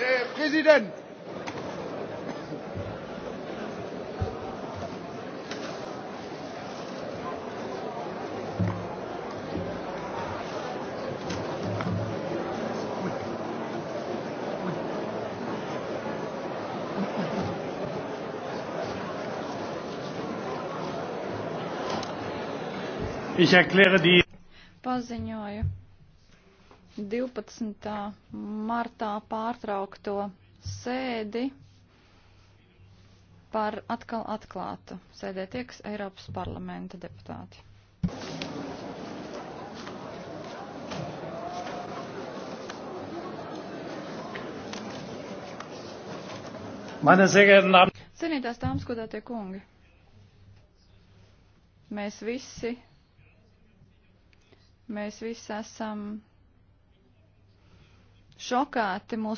Herr Präsident! Ich erkläre die Paziņoju. 12. martā pārtraukto sēdi par atkal atklātu. Sēdē tieks Eiropas parlamenta deputāti. Cienītās dāmas, godātie kungi, mēs visi, mēs visi esam šokēti mūsu